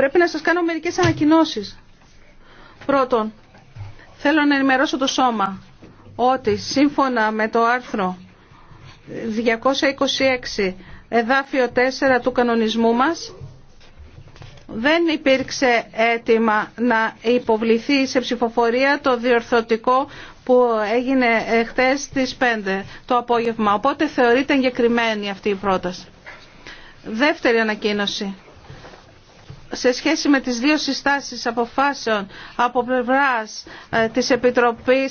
Πρέπει να σας κάνω μερικές ανακοινώσεις. Πρώτον, θέλω να ενημερώσω το σώμα ότι σύμφωνα με το άρθρο 226 εδάφιο 4 του κανονισμού μας δεν υπήρξε αίτημα να υποβληθεί σε ψηφοφορία το διορθωτικό που έγινε χτες στις 5 το απόγευμα. Οπότε θεωρείται εγκεκριμένη αυτή η πρόταση. Δεύτερη ανακοίνωση σε σχέση με τις δύο συστάσεις αποφάσεων από πλευράς ε, της Επιτροπής